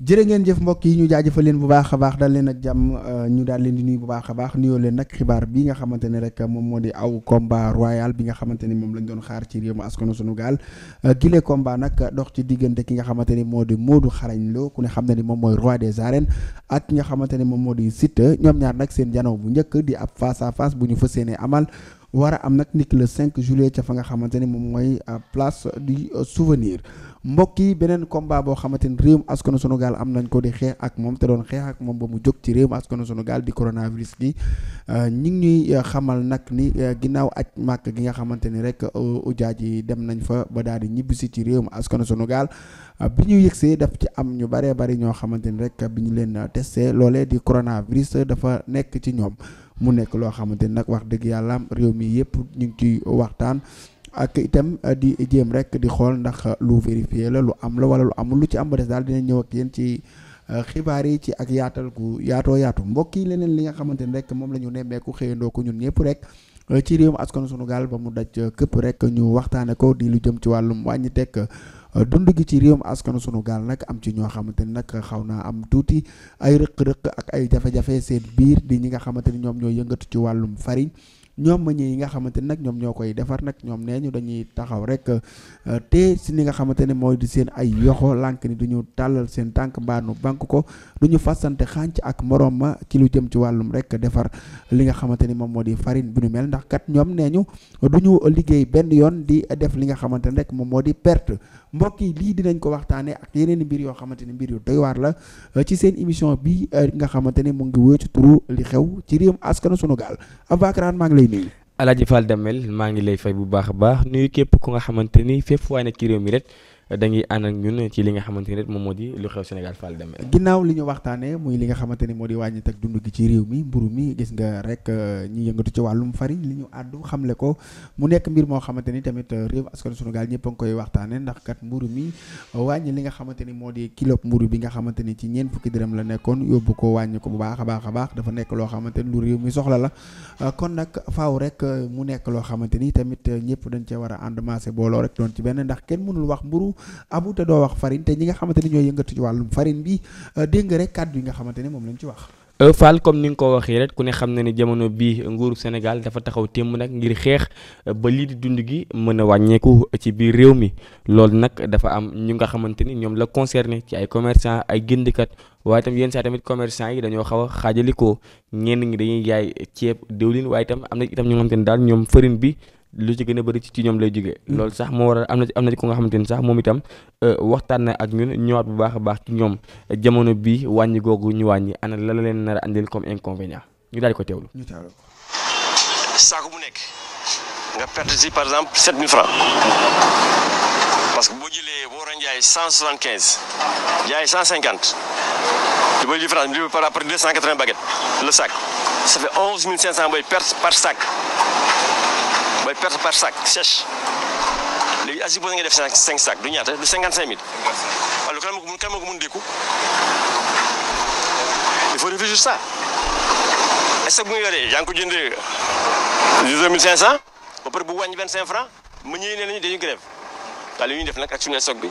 jëre ngeen jëf mbokk yi ñu jaajëfal leen bu baax a baax daal leen ak jàmm euh, ñu daal leen di nuy bu baax a baax nuyoo leen nag xibaar bi nga xamante ne rek moom moo di aw combat royal bi nga xamante ni moom lañ doon xaar ci réew mu askanu sunu gaal gile euh, combat nag dox ci diggante ki nga xamante ni moo di Modou Xarañ Lo ku ne xam ne ni moom mooy roi des arènes ak ki xamante ne moom moo di Siteu ñoom ñaar nag seen janoo bu njëkk di ab face à bu ñu fas yéenee amal. war a am nag nit le 5 juillet ca fa nga xamante ni moom mooy euh, place du souvenir. mbokk yi beneen combat boo xamante ni réewum askanu sunu gaal am nañ ko di xeex ak moom te doon xeex ak moom ba mu jóg ci réewum askanu sunu gaal di coronavirus gi euh, ñi ngi ñuy euh, xamal nag ni euh, ginnaaw aj màkk gi nga xamante ni rek ujaaj yi dem nañ fa ba daal di ñibbisi ci réewum askanu sunu gaal bi ñu yëgsee daf ci am ñu baree bari ñoo xamante ni rek bi ñu leen testé loolee di coronavirus dafa nekk ci ñoom mu nekk loo xamante ni nag wax dëgg yàlla réew mii yëpp ñu ngi ciy waxtaan ak itam eh, di jéem rek di xool ndax eh, lu vérifié la lu am la wala lu amul lu ci am ba des daal dina ñëw ak yéen ci eh, xibaar yi ci ak yaatal gu yaatoo yaatu mbokk yi leneen li nga xamante ne rek moom la ñu nemmeeku xëyandoo ko ñun ñëpp rek ci réewum askan sunu gaal ba mu daj këpp rek ñu waxtaane ko di lu jëm ci wàllum wàññi tekk dund gi ci réewum askan sunu gaal nag am ci ñoo xamante ni nag xaw naa am tuuti ay rëq-rëq ak ay jafe-jafe seen biir di ñi nga xamante ni ñoom ñoo yëngatu ci wàllum farine ñoom ma ñi yi nga xamante ne nag ñoom ñoo koy defar nag ñoom nee ñu dañuy taxaw rek euh, te si ni nga xamante ne mooy di seen ay yoxo lànk ni du ñu tàllal seen tànk mbaanu bànk ko du ñu fassante xànc ak morom ma ci lu jëm ci wàllum rek defar li nga xamante ni moom moo di farine bu ñu mel ndax kat ñoom nee ñu du ñu liggéey benn yoon di def li nga xamante ne rek moom moo di perte mbokk yi lii dinañ ko waxtaanee ak yeneen mbir yoo xamante ni mbir yu doy waar la euh, ci seen émission bi euh, nga xamante ne mu ngi wóor ci turu li xew ci réewum askanu sunu gaal Abakaraan maa ngi lay nuyu. Alaaji Fall Damel maa ngi lay fay bu baax a baax nuyu képp ku nga xamante ni fépp waay nekk ci réew mi rek. dañuy ànd ak ñun ci li nga xamante ne moom moo di lu xew Sénégal Fall Deme. ginnaaw li ñu waxtaanee muy li nga xamante ni moo di wàññi dund gi ci réew mi mburu mi gis nga rek euh, ñi yëngatu ci wàllum farine li ñu àddu xamle ko mu nekk mbir moo xamante ni tamit euh, réew askan Sénégal ñëpp a koy waxtaanee ndax mi euh, wàññi li nga xamante ni moo di kilo mburu bi nga xamante ni ci ñeen fukki dërëm la nekkoon yóbbu ko wàññi ko bu baax a baax a baax dafa nekk loo xamante ni lu réew mi soxla la kon nag faaw rek mu nekk loo xamante ni tamit ñëpp dañ cee war a ànd maase booloo rek doon ci benn ndax kenn mënul wax mburu abu te doo wax farine te ñi nga xamante ni ñoo yëngatu ci wàllum farine bi euh, dégg nga rek kàddu yi nga xamante ne moom lañ ci wax. Euh, Fall comme ni nga ko waxee rek ku ne xam na ne jamono bii nguuru Sénégal dafa taxaw témb nag ngir xeex euh, ba lii di dund gi mën a wàññeeku ci biir réew mi loolu nag dafa am ñu nga xamante ni ñoom la concerné ci ay commercant ay gëndkat waaye itam yenn saa tamit commerçant yi dañoo xaw a xaajalikoo ñenn ñi dañuy jaay ceeb diwlin waaye itam am na itam ñoo xamante ne daal ñoom farine bi. lu ci gën a bëri ci ñoom lay jógee mm. lool sax moo waral am na am na ko nga xamante ni sax moom itam euh, waxtaan na ak ñun ñëwaat bu baax a baax ci ñoom jamono bii wàññi googu ñu wàññi ana la la leen nar a andil comme inconvénient ñu daal di ko teewlu. saako bu nekk nga perte si par exemple 7000 francs que boo jëlee boo waroon jaay 175 jaay 150 li may différence bi par rapport 280 baguettes le sac ça fait 11500 booy perte par sac. mooy perte par sac sèche léegi as supposé nga def cinq sac du ñaata du cinquante cinq mille waaw lu kan ma ko mun kan ma ko mun dékku il faut réfléchir ça est-ce que bu nga yoree yaa ngi ko jëndee deux mille cinq cent bu wàññi vingt cinq francs ma ñëwee ne nañu dañu grève waaw li ñuy def nag ak suñu stock bi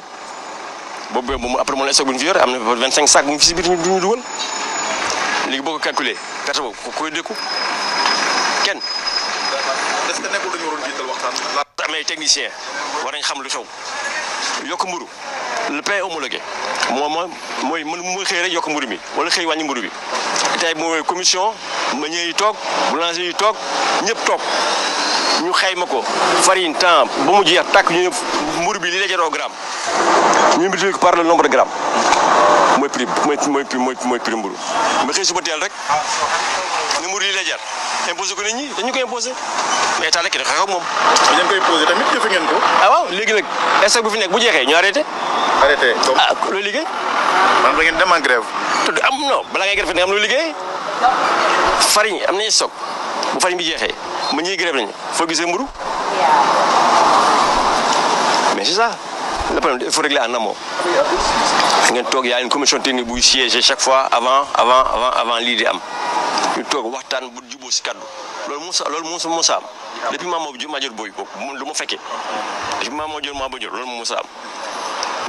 boobu moom après moom stock bu ñu fi yore am na vingt cinq sac bu ñu fi si biir ñu dugal léegi boo ko calculé perte koy dékku amee technicien war nañ xam lu xew yokk mburu le pain homologué moom mooy mooy mooy xëy rek yokk mburu bi wala xëy wàññi mburu bi tey mooy commission meunier yi toog boulanger yi toog ñëpp toog ñu ma ko farine temps ba mu jeex takk ñu ne mburu bi li la jaroo gramme ñu multiplié par le nombre de grammes mooy prix mooy mooy mooy mooy prix mburu mais xëy suba teel rek ne mburu yi lay jar imposé ko nit ñi dañu koy imposé mais état rek xeex ak moom. dañ koy imposé tamit jëfe ngeen ko. ah léegi nag stock bu fi nekk bu jeexee ñu arrêté. arrêté donc ah looy liggéey. maanaam da ngeen dem en grève. te am non balaa ngay grève ne am looy liggéey farine am nañu stock bu farine bi jeexee ma ñuy grève nañu foo gisee mburu mais c'est ça. le problème il faut régler en amont ngeen toog y a une commission technique buy siéger chaque fois avant avant avant lii di am ñu toog waxtaan bu juboo si kaddu loolu moo sa loolu moo am depuis maa ma ma booy boobu moom du ma fekkee depuis maa ma ba jot loolu moo sa am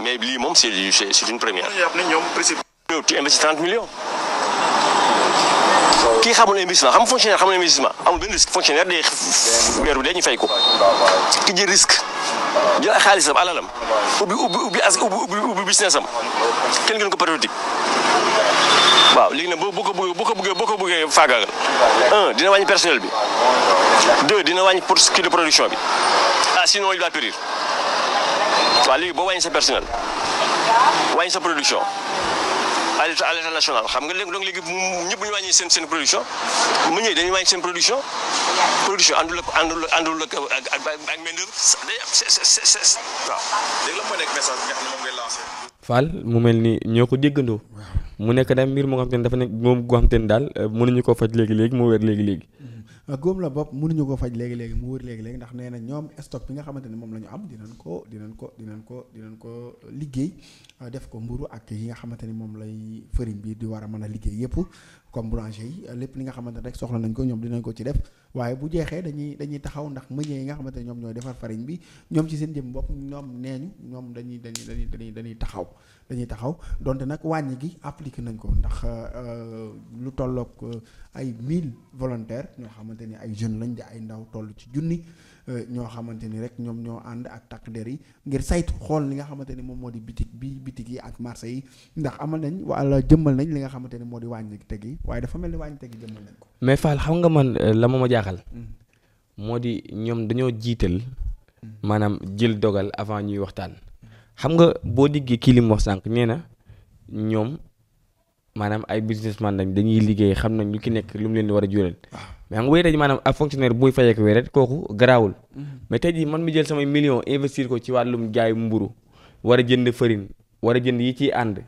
mais lii moom c'est c'est une première. ñëw tu investis 30 millions. kii xamul investissement xam fonctionnaire xamul investissement amul benn risque fonctionnaire day weer bi day ñu fay ko ki jël risque. jël ay xaalisam alalam ubbi ubbi ubbi as ubbi ubbi business am kenn ko patriotique waaw léegi nag boo boo ko boo ko bëggee boo ko bëggee faagaagal dina wàññi personnel bi deux dina wàññi pour kii de production bi ah sinon il va périr waaw léegi boo wàññi sa personnel wàññi sa production. à l'état national xam nga léegi donc léegi ñëpp ñu wàññi seen seen production mu ñëwee dañu wàññi seen production production àndul ak àndul àndul ak ak ak main d'œuvre day am waaw mu mel ni ñoo ko déggandoo mu nekk daal mbir moo xam te ne dafa nekk moom goo daal euh, mënuñu koo faj léegi léegi mu wér léegi léegi. Mm-hmm. Ah, góom la bopp mënuñu ko faj léegi léegi mu wër léegi léegi ndax nee na ñoom stock bi nga xamante ne moom la ñu am dinañ ko dinañ ko dinañ ko dinañ ko liggéey ah, def ko mburu ak yi nga xamante ni moom lay fëriñ bi di war a mën a liggéey yëpp comme boulanger yi euh, lépp li nga xamante rek soxla nañ ko ñoom dinañ ko ci def waaye bu jeexee dañuy dañuy taxaw ndax meunier yi nga xamante ne ñoom ñooy defar farine bi ñoom ci seen jëm bopp ñoom neeñu ñoom dañuy dañuy dañuy dañuy dañuy taxaw dañuy taxaw donte nag wàññi gi appliqué nañ ko ndax euh, euh, lu tollook ay mille volontaires ñoo xamante ni ay jeunes lañ di ay ndaw tollu ci junni ñoo xamante ni rek ñoom ñoo ànd ak takk der yi ngir saytu xool li nga xamante ni moom moo di bitig bi bitig yi ak marché yi ndax amal nañ la jëmmal nañ li nga xamante ni moo di wàññi teg yi waaye dafa mel ni wàññi teg yi jëmmal nañ ko. mais Fall xam nga man euh, la ma ma jaaxal. Mm. moo di ñoom dañoo jiital. Mm. maanaam jël dogal avant ñuy waxtaan. xam nga boo diggee kii li mu wax sànq nee na ñoom maanaam ay businessman lañ dañuy liggéey xam nañ lu ki nekk lu mu leen di war a jural. mais xam nga wéeréer ji maanaam ab fonctionnaire buy fayee ko wéeréer kooku garaawul. Mhm. mais tey jii man mi jël samay millions investir ko ci wàllum jaay mburu war a jënd farine war a jënd yi ci ànd.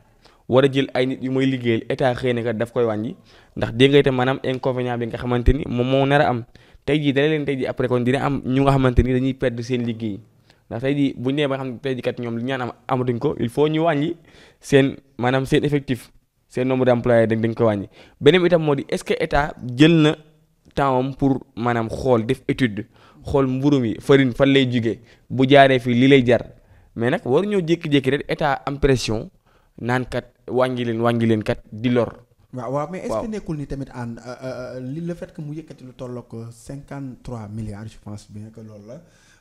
war a jël ay nit yu may liggéeyal état xëy na kat daf koy wàññi ndax dégg nga itam maanaam inconvénient bi nga xamante ni moom moo nar a am tey jii dana leen tey jii après kon dina am ñu nga xamante ni dañuy perdre seen liggéey ndax tey jii bu ñu nee ba nga xam tey jii ñoom li ñaan am amatuñ ko il faut ñu wàññi seen maanaam seen effectif seen nombre d'employés dañ dañ ko wàññi beneen itam moo di est-ce que état jël na temps am pour maanaam xool def étude xool mburu mi farine fan lay jugee bu jaaree fii lii lay jar mais nag waru ñoo jékki-jékki rek état am pression naan kat wàññi leen wàññi leen kat di lor. waaw waaw mais est nekkul ni tamit aan euh, euh, euh, li le fait que mu yëkkati lu tollook cinquante trois milliards je pense bien que loolu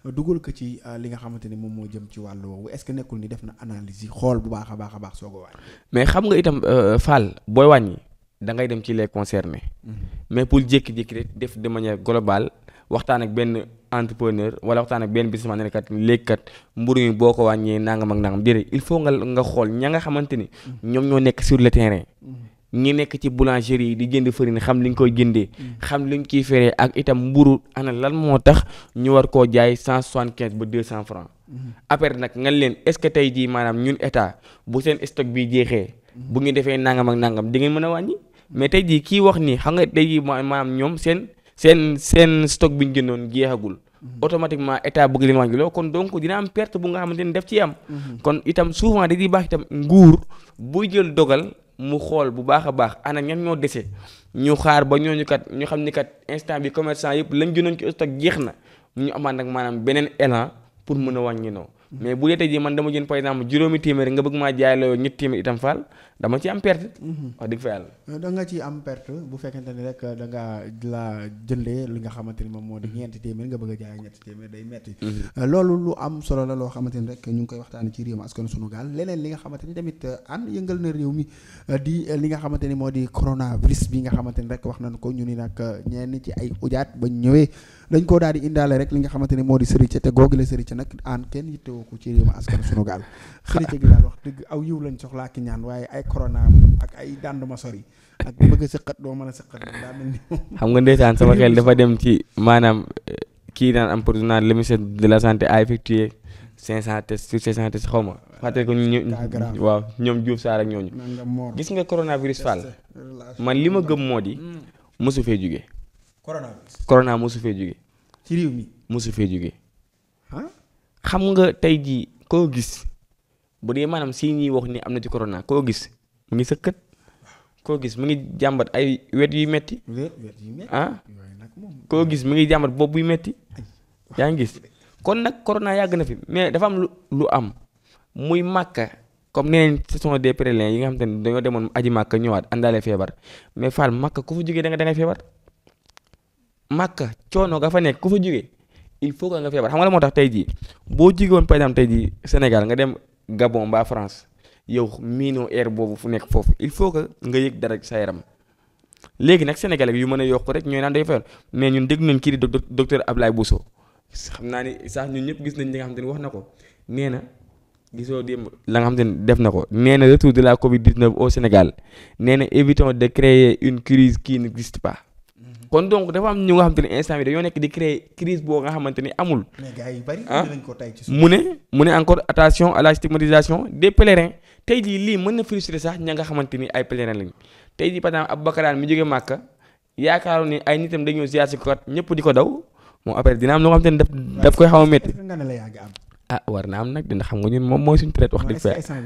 la dugal ko ci li nga xamante ni moom moo jëm ci wàll woowu est-ce que nekkul ni def na analyse yi xool bu baax a baax a baax soo a wàññi mais xam nga itam Fall boo wàññi da ngay dem ci les concernés mhm. mais pour jékki-jékki def de manière waxtaan ak benn entrepreneur wala waxtaan ak benn businessman ne kat léegi kat mburu mi boo ko wàññee nangam ak nangam déedéet il faut nga nga xool ña nga xamante ni mhm. ñoom ñoo nekk sur le terrain mhm. ñi nekk ci boulangerie yi di jënd farine xam li ñu koy jëndee xam li ñu ciy feree ak itam mburu ana lan moo tax ñu war koo jaay cent soixante quinze ba deux cent francs après nag nga leen est ce que tey jii maanaam ñun état bu seen stock bi jeexee bu ñu defee nangam ak nangam di ngeen mën a wàññi mais tey jii kii wax nii xam nga tey jii maanaam ñoom seen seen seen stock bi ñu jëndoon jeexagul. Mm-hmm. automatiquement état bëgg leen wàññi loo kon donc dina am perte bu nga xamante ni def ci am. Mm-hmm. kon itam souvent da di baax itam nguur buy jël dogal mu xool bu baax a baax ana ñan ñoo dese ñu xaar ba ñooñu kat ñu xam ni kat instant bi commerçant yëpp lañ jëndoon ci stock jeex na ñu amaat nag maanaam beneen élan pour mën a wàññi noo mais bu dee tey jii man dama jënd par exemple juróomi téeméer nga bëgg maa jaay loo ñetti téeméer itam faal dama ci am perte. Mhm. wax dëgg fa yàlla. Euh, am perte bu fekkente ni rek euh, da nga la jëndee li nga xamante ni moom moo di mhm. ñeenti téeméer nga bëgg a jaay ñetti téeméer day metti mhm. euh, loolu lu am solo la loo xamante ni rek ñu ngi koy waxtaanee ci réew mi askan sunu gaal leneen li nga xamante ni tamit an yëngal na réew mi di li nga xamante ni moo di coronavirus bi nga xamante ni rek wax nañ ko ñu ni nag ñenn ci ay ujaat ba ñëwee. dañ koo daal di indaale rek li nga xamante ne moo di sëriñ te googu la sëriñ nag aan kenn yittewoo ko ci réew ma askan sunu gaal wax dëgg aw yiw lañ soxlaa ki ñaan waaye ay corona ak ay danduma sori ak bëgg a sëqat doo mën a xam nga ndeysaan sama xel dafa dem ci maanaam eh, kii daan am pour naan le ministère de la santé a effectué 500 tests sur 500 tests xaw ma. Ah, fàttali ko ñu waaw ñoom Diouf Sarr ak ñooñu. gis nga coronavirus Fall man li ma gëm moo di mm. mosu fee jugee. corona. corona mosu fee jóge ci réew mi mosu fee jóge xam nga tey jii koo gis bu dee maanaam si ñuy wax nii am na ci corona koo gis mu ngi sëkkat koo gis mu ngi jàmbat ay wet yuy metti ah koo gis mu ngi jàmbat bopp buy metti yaa ngi gis kon nag corona yàgg na fi mais dafa am lu lu am muy màkka comme neneen ce sont des pèlerins yi nga xam te dañoo demoon aji màkk ñëwaat àndaale feebar mais Fall màkk ku fa jógee da nga da feebar màkka coono nga fa nekk ku fa jógee il faut que nga feebar xam nga la moo tax tey jii boo jógee woon par exemple Sénégal nga dem Gabon mbaa France yow miino air boobu fu nekk foofu il faut que nga yëg dara sa yaram léegi nag Sénégalais yu mën a yokk rek ñooy naan day feebar mais ñun dégg nañ kii di docteur Ablaye so xam naa ni sax ñun ñëpp gis nañ li nga xam te ne wax na ko nee na gisoo démb la nga xam te ne def na ko nee na retour de la Covid 19 au Sénégal nee na évitons de créer une crise qui n'existe pas. kon donc dafa am ñu nga xamante ne instant bi nekk di créer crise boo nga xamante ni amul. mais gars yi bari ah. nañ ko tey ci mu ne mu ne encore attention à stigmatisation des pèlerins tey jii lii mën na frustrer sax ña nga xamante ni ay pèlerins lañ tey jii par exemple Aboubacaraan mi jógee Màkka yaakaaroon ni ay nitam dañoo ziar si ko kat ñëpp di ko daw moom après dina am loo xamante ni daf daf koy xaw a métti. ah war na am nag dina xam nga ñun moom mooy suñu traite wax dëgg fa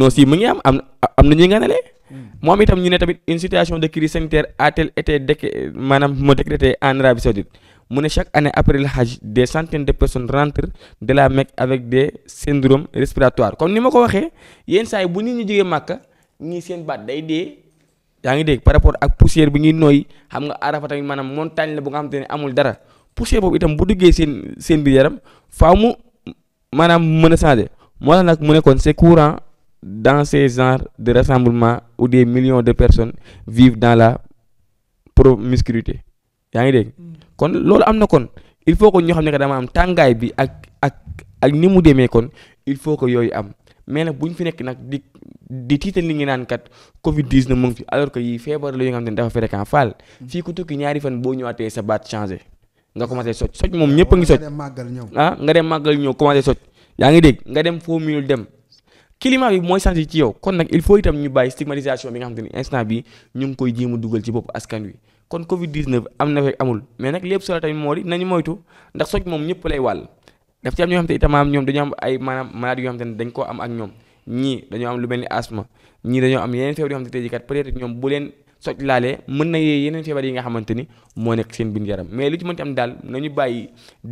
non si mu ngi am am am na ñuy nganale hmm. moom itam ñu ne tamit une situation sanitaire a-t-elle été déc maanaam moo décrété en Arabie Saoudite mu ne chaque année après le Hajj de personnes rentrent comme ni ma ko waxee yenn saa yi bu nit ñi jógee Màkka ñii seen baat day dee yaa ngi dégg par rapport ak poussière bi ngi nooy xam nga Arafa tamit maanaam montagne la bu nga xam te ne amul dara poussière boobu itam bu duggee seen seen biir yaram faaw maanaam mën a changer moo tax nag mu ne kon c'est courant dans ces genres de rassemblement où des million de personnes vive dans la promiscuité yaa ngi dégg mm. kon loolu am na kon il faut que ñoo xam ne que dama am tàngaay bi ak ak ak ni mu demee kon il faut que yooyu am mais nag bu ñu fi nekk nag di di tiital li ngi naan kat Covid 19 mu ngi fi alors que yii feebar la yoo nga xam ne dafa fréquent faal mm. fii ku tukki ñaari fan boo ñëwaatee sa baat changé. nga commencé socc socc moom ñëpp ngi socc ah nga dem màggal ñëw commencé socc yaa ngi dégg nga dem foo muyul dem climat bi mooy changé ci yow kon nag il faut itam ñu bàyyi stigmatisation bi nga xam te ni instant bi ñu ngi koy jéem a dugal wi kon covid 19 am amul mais nag lépp solo tamit moo di nañu moytu ndax socc moom ñëpp lay wàll daf ci am ñoo xam te ñoom dañu am ay maanaam maladies yoo xam te dañ koo am ak ñoom ñii dañoo am lu mel ni asthme ñii dañoo am yeneen feebar yoo xam te tey kat peut ñoom soj laalee mën na yee yeneen feebar yi nga xamante ni moo nekk seen biir jaram mais li ci mënti tam daal nañu bàyyi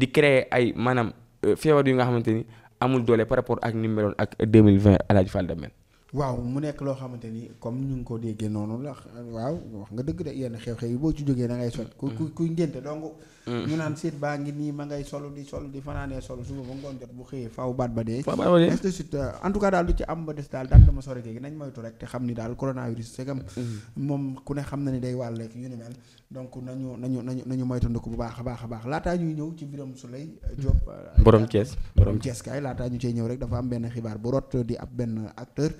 di créer ay maanaam euh, feebar yi nga xamante ni amul doole par rapport ak ni mu meloon ak 2020 Alaaji Fall Damel waaw mu nekk loo xamante ni comme ñu ngi ko déggee noonu la waaw wax nga dëgg de yenn xew-xew yi boo ci jógee da ngay sol ku ku kuy ngénte donc mm. ñu naan seet baa ngi nii ma ngay sol di sol di fanaanee sol suba ba ngoon jot bu xëyee faaw baat ba dee est de suite en tout cas daal lu ci am ba des daal daal dama sore gi nañ moytu rek te xam ni daal coronavirus segam mm. moom ku ne xam na ni day wàll rek yu ni mel donc nañu nañu nañu nañu moytandiku bu baax a baax a baax laataa ñuy ñëw ci mbiram Souleye euh, Diop. Euh, mm. borom Thiès borom Thiès kaay laataa ñu cee ñëw rek dafa am benn xibaar bu rot di ab benn acteur.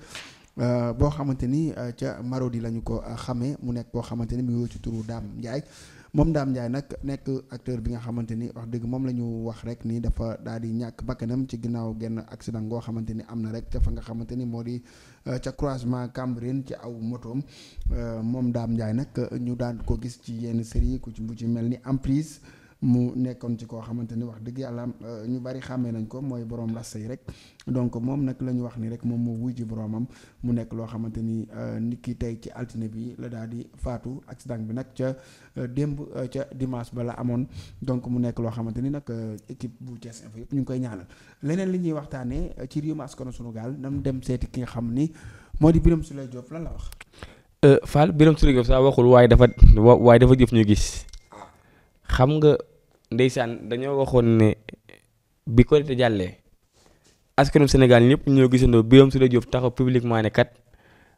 Euh, boo xamante ni ca Marodi la ñu ko xamee mu nekk koo xamante ni mu ngi ci turu Dame Ndiaye moom daam Ndiaye nag nekk acteur bi nga xamante ni wax dëgg moom la ñu wax rek nii dafa daal di ñàkk bakkanam ci ginnaaw genn accident goo xamante ni am na rek ca fa nga xamante ni moo di euh, ca croisement Cambérène ci aw motoom euh, moom Dame Ndiaye nag ñu daan ko gis ci yenn série ku ci bu ci mel ni Emprise mu nekkoon ci koo xamante ni wax dëgg yàlla euh, ñu bari xàmmee nañ ko mooy borom lasta yi rek donc moom nag la ñu wax nii rek moom moo wuy ji boromam mu nekk loo xamante ni euh, nit ki tey ci altine bi la daal di faatu ak accident bi nag ca euh, démb ca dimanche ba la amoon donc mu nekk loo xamante ni nag équipe bu Thiès Info yëpp ñu ngi koy ñaanal leneen li ñuy waxtaanee ci réew mi askanu sunu gaal nam dem seeti ki nga xam ni moo di Birame Souleye Diop lan la wax. Fall Birame Souleye Diop waxul waaye dafa waaye dafa jëf ñu gis ah. ndeysaan dañoo waxoon ne bi Korité jàllee askanu Sénégal ñëpp ñoo gisandoo Birame Souleye Diop taxaw publiquement ne kat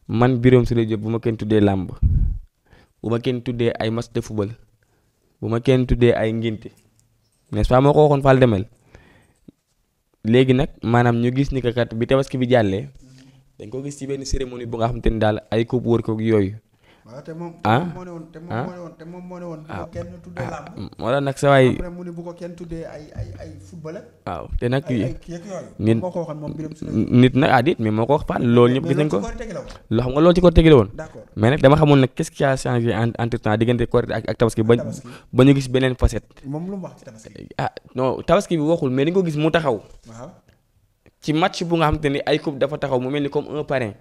man Birame Souleye Diop bu ma kenn tuddee làmb bu ma kenn tuddee ay match de football bu ma kenn tuddee ay ngénte n'est-ce pas moo ko waxoon Fall Demel léegi nag maanaam ñu gis ni que kat bi tabaski bi jàllee dañ ko gis ci benn cérémonie bu nga xamante ni daal ay coupe wër koog yooyu. ah te moom ah? moo ah? moo ne woon te moom moo ne woon bu ko ah. kenn tuddee nag sa mu bu ko kenn tuddee ay ay ay football waaw te nag nit moo ko waxoon moom mbiram nit nag ah mais moo ko wax paan loolu ñëpp gis nañ ko loo xam nga loolu ci ko gi woon mais nag dama xamoon nag qu'est-ce qui a changé entre temps diggante Korité ak ak tabaski ba ba ñu gis beneen facette moom lu mu wax ci tabaski ah non tabaski bi waxul mais dañ ko gis mu taxaw ci match bu nga xam te ni ay coupe dafa taxaw mu mel ni comme un parrain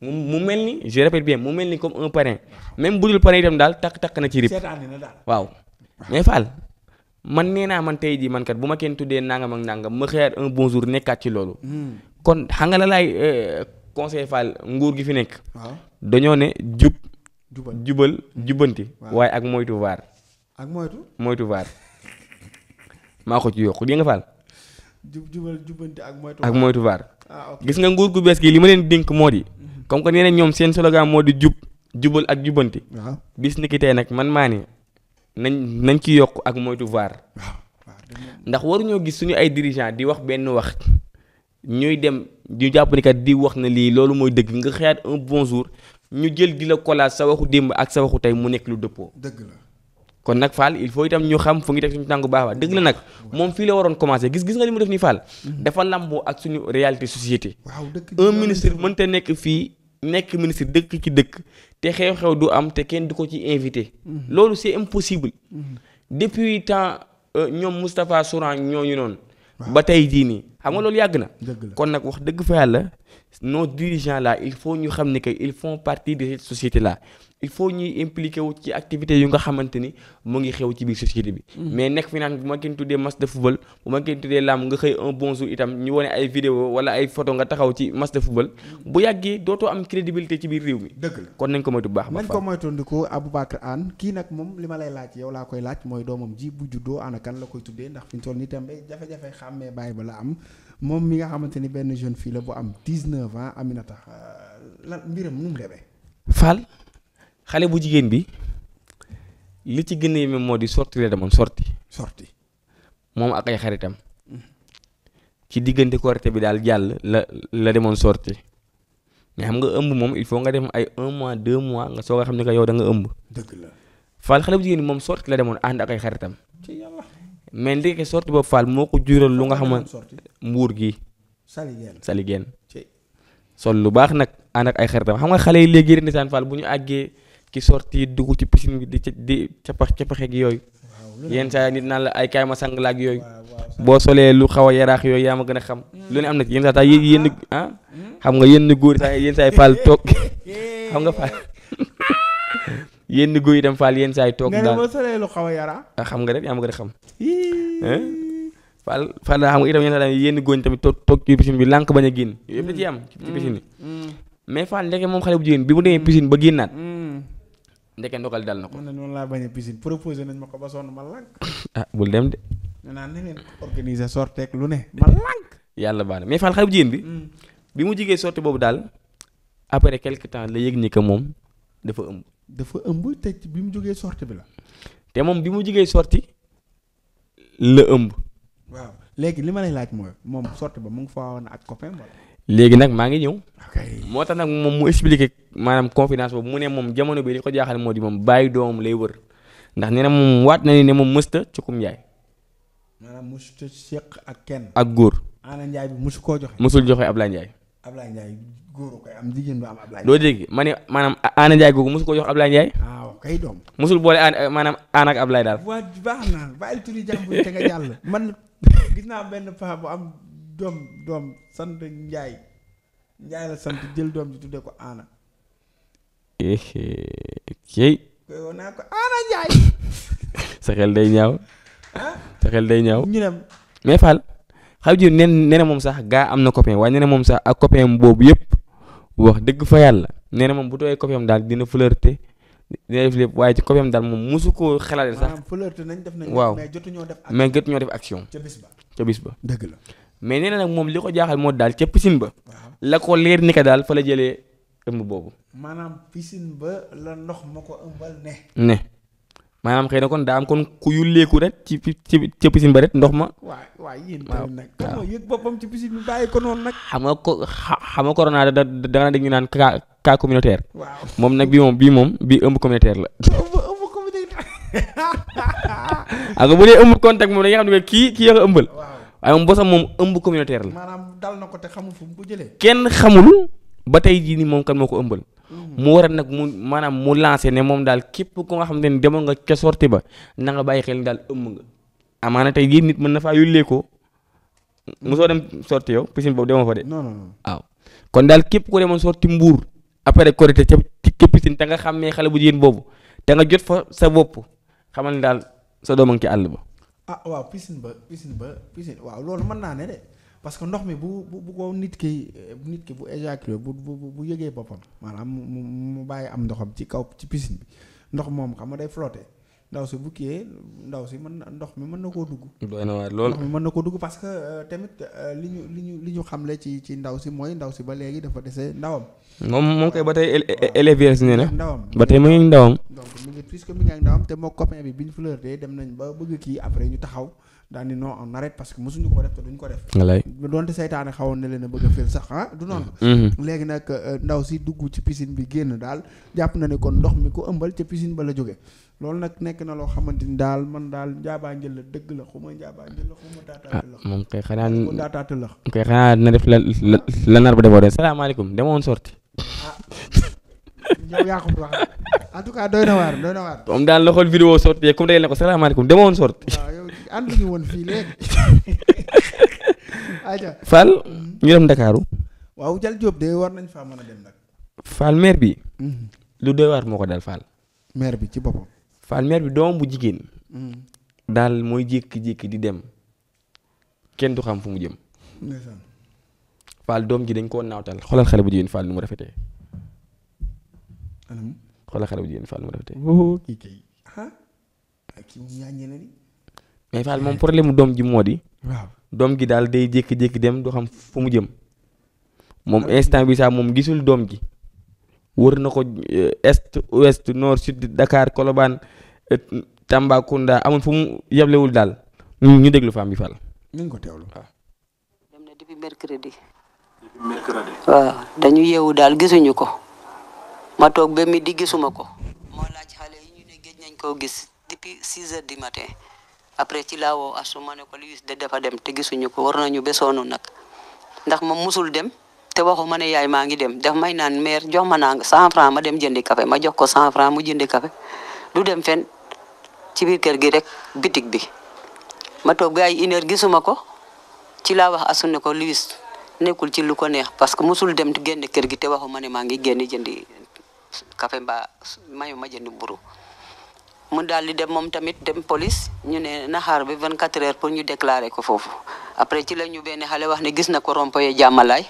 mu mu mel ni je mu mel ni comme un parrain même bu dul parrain itam daal takk takk na ci rib waaw mais Fall man nee naa man tey jii man kat bu ma kenn tuddee nangam ak nangam ma xëyaat un bon jour nekkaat ci loolu. Hmm. kon xam nga la euh, conseil Fall nguur gi fi nekk. dañoo ne jub. jubal jubbanti. waaye ak moytu vaar. moytu moytu vaar maa ko ci yokk di nga Fall. jub jubal jubbanti ak moytu vaar. Ah, gis nga nguur gu bees gi li ma leen dénk moo di. comme que nee na ñoom seen slogan moo di jub jubal ak jubanti. waaw bis ni nag man maa ne nañ nañ ci yokk ak moytu vaar. ndax waruñoo gis suñu ay dirigeant di wax benn wax ñuy dem di jàpp ni di wax na lii loolu mooy dëgg nga xëyaat un bon jour ñu jël di la collage sa waxu démb ak sa waxu tey mu nekk lu dëppoo. dëgg la. kon nag Fall il faut itam ñu xam fu ngi teg suñu tànku baax baax dëgg la nag moom fii la waroon commencé gis gis nga li mu def nii Fall mhm. dafa lamboo ak suñu réalité société un ministre mënta nekk fii nekk ministre dëkk ci dëkk te xew-xew du am te kenn du ko ci invité mhm. loolu c'est impossible mhm. depuis temps euh, ñoom Moustapha ñoo ñooñu noonu ba tey jii nii xam nga loolu yàgg na kon nag wax dëgg fa yàlla nos dirigeants là il faut ñu xam ni que il font partie de société là il faut ñuy impliqué wu ci activité yu nga xamante ni mu ngi xew ci biir société bi. Mm-hmm. mais nekk fi naan bu ma kenn tuddee match de football bu ma kenn tuddee làmb nga xëy un bon jour itam ñu wane ay vidéo wala ay nga taxaw ci match de mm-hmm. bu yàggee dootoo am crédibilité ci biir réew mi. dëgg la kon nañ ko moytu bu baax. nañ ko moytandiku Aboubacar kii nag moom li ma lay laaj yow laa koy laaj mooy doomam ji bu juddoo ana kan la koy tuddee ndax fi mu toll nii tam jafe-jafe xàmmee bàyyi ba la am moom mi xamante ni benn jeune fille la bu am 19 ans Aminata euh, lan mbiram nu demee. xale bu jigéen bi li ci gën a yéeme moo di sorti la demoon sorti sorti moom ak ay xaritam ci diggante korité bi daal jàll la la demoon sorti mais xam nga ëmb moom il faut nga dem ay un mois deux mois nga soo a xam ne que yow da nga ëmb. dëgg la Fall xale bu jigéen bi moom sorti la demoon ànd ak ay xaritam. mais ndeke sorti boobu Fall moo ko jural lu nga xaman mbuur gi. saligeen saligeen. sol lu baax nag ànd ak ay xaritam xam nga xale yi léegi ndeysaan Fall bu ñu àggee. ki sorti dugg ci piscine bi di di cappax cappaxeeg yooyu yenn saa nit naan la ay kaay ma sang laag yooyu boo solee lu xaw a yaraax yooyu yaa ma gën a xam hmm. lu ne am na ci yenn saa tax hmm? ah? xam nga yenn góor saa yenn saay faal toog xam nga faal yenn góor yi dem faal saay toog daal boo solee a ah, xam nga rek yaa ma gën a xam faal faal daa xam nga itam yenn saa tamit toog ci piscine bi lànk bañ a génn yëpp da ci am hmm. ci piscine mais faal ndeke moom xale bu jigéen bi mu demee piscine ba génnaat ndeke ndogal dal na ko. man noonu laa bañ a piscine proposé nañ ma ko ba sonn ma lànk. ah bul dem de. nee naa ne leen organiser sorteeg lu ne ma lànk. yàlla baax na mais Fall xale bu jigéen bi. Hmm. bi mu jigee sortie boobu daal après quelque temps la yëg ni que moom dafa ëmb. dafa ëmb te bi mu jógee sortie bi la. te moom bi mu jigee sorti la ëmb. waaw léegi li ma lay laaj mooy moom sortie ba mu ngi faa woon ak copain wala. léegi nag maa ngi ñëw. moo tax nag moom mu expliqué maanaam confidence boobu mu ne moom jamono bi li ko jaaxal moo di moom bàyyi doomam lay wër ndax nee na moom waat na ni ne moom mësta cukkum njaay. maanaam mësta seq ak kenn. ak góor. Aana Njaay bi mësu koo joxe. mësul joxe Ablaye Njaay. Ablaye Njaay góor koy am jigéen du am Ablaye. doo dégg ma ne maanaam Aana Njaay googu mësu koo jox Ablaye Njaay. waaw ah, kay boole maanaam Aana ak Ablaye daal. waa baax na bàyyi te nga jàll. man gis naa benn paa bu am doom doom sant Njaay Njaay la jël doom ji ko Aana. kii. yow sa xel day ñaaw. sa xel day ñaaw. ñu dem mais Fall. ji nen nee moom sax gaa am na copain waaye nee na moom sax ak copain boobu yëpp wax dëgg fa yàlla nee moom bu tooyee copain daal dina flirter dina def lépp waaye ci copain daal moom mosu koo xalaatee sax. maanaam flirter nañ def nañ. waaw may jotuñoo def action mais jotuñoo def action. ca bis ba ca bis ba dëgg la. mais nee na nag moom li ko jaaxal moo daal ca piscine ba. la ko leer ni daal fa la jëlee ëmb boobu. maanaam piscine ba la ndox ma ko ëmbal ne. ne maanaam xëy na kon daa am kon ku yulleeku rek ci ci ca piscine ba rek ndox ma. waa waa yéen tamit yëg boppam ci piscine bi bàyyi ko noonu nag. xam nga ko xam nga corona da da nga dégg ñu naan cas cas communautaire. moom nag bii moom bii moom bii ëmb communautaire la. xam nga bu dee ëmb contact moom da xam ne kii kii am moom bosam moom ëmb communautaire la. maanaam dal na ko te xamul fu jëlee. kenn xamul ba tey jii nii moom kan moo ko ëmbal. Mm. mu war nag mu maanaam mu lancé ne moom daal képp ko nga xam ne demoon nga ca sorti ba na nga bàyyi xel daal ëmb nga. amaana tey jii nit mën na faa yullee ko mosoo dem sorti yow piscine boobu demoo fa de. non non non waaw kon daal képp ku demoon sorti mbuur après Korité ca ca piscine te nga xàmmee xale bu jigéen boobu te nga jot fa sa bopp xamal ni daal sa doom ci àll ba. ah waaw piscine ba piscine ba piscine waaw loolu mën naa ne de parce que ndox mi bu bu bu ko nit ki eh, nit ki bu éjaculé bu bu bu yëgee boppam maanaam mu mu bàyyi am ndoxam ci kaw ci piscine bi ndox moom xam nga day flotté ndaw si bu kiiyee ndaw si mën na ndox mi mën na koo dugg. doy na waar lool mën na koo dugg parce que euh, tamit euh, li ñu li ñu li ñu xamle ci ci ndaw si mooy ndaw si ba léegi dafa dese ndawam. moom moom kay ba tey e, élèves na. ndawam ba tey mu ngi ndawam. donc mi ngi puisque mi te moo copain bi bi ñu flirté dem nañ ba bëgg kii après ñu taxaw. daal ni non parce que mosuñu ko def te ko def. walaay donte xawoon na leen a bëgg fil sax ah du noonu. Mm-hmm. léegi nag euh, ndaw si dugg ci piscine bi génn daal jàpp na ne kon ndox mi ko ëmbal ca piscine ba la jóge loolu nag nekk na loo xamante ni daal man daal njaabaa njël la dëgg la xuma njaabaa njël la xuma daataat ah, la moom kay xanaa daataat la kay def la la ba defoo de salaamaaleykum demoon ah, ko wax en tout cas doy na waar demoon sorti. waaw yow mm. Ndakaaru. waaw Jal Diop de war nañ faa mën a dem nag. Fall maire bi. Mm-hmm. lu doy waar moo ko dal Fall. maire bi ci boppam. palmeer bi doom bu jigéen. Mm. daal mooy jékki-jékki di dem kenn du xam fu mu jëm. faal doom ji dañ koo naawtal xoolal xale bu jigéen faal nu mu rafetee. xoolal xale bu jigéen faal nu ah. Ah, mais faal moom problème doom ji moo di. doom gi daal day jékki-jékki dem du xam fu mu jëm. moom instant bi sax moom gisul doom ji. wër na ko euh, est ouest nord sud Dakar Colobane Tambacounda amul fu mu yeblewul daal ñu déglu femme bi Fall. ko teewlu waaw. Ah. dem na depuis mercredi. mercredi. waaw dañu yeewu daal gisuñu ko ma toog ba mi di gisuma ko. moo laaj xale yi ñu ne géej nañ koo gis depuis six heures du matin après ci laa woo asu ma ne ko Liis de dafa dem te gisuñu ko war nañu besoonu nag ndax moom musul dem. te waxu ma ne yaay maa ngi dem daf may naan mère jox ma naa cent franc ma dem jëndi café ma jox ko cent franc mu jëndi café du dem fen ci biir kër gi rek bitig bi ma toog ba ay gisuma ko ci laa wax asu ne ko Louis nekkul ci lu ko neex parce que musul dem génn kër gi te waxu ma ne maa ngi génn jëndi café mbaa mayu ma jëndi mburu mu daal di dem moom tamit dem police ñu ne na xaar bi 24 heures pour ñu déclarer ko foofu après ci la ñu benn xale wax ne gis na ko rompoye jàmmalaay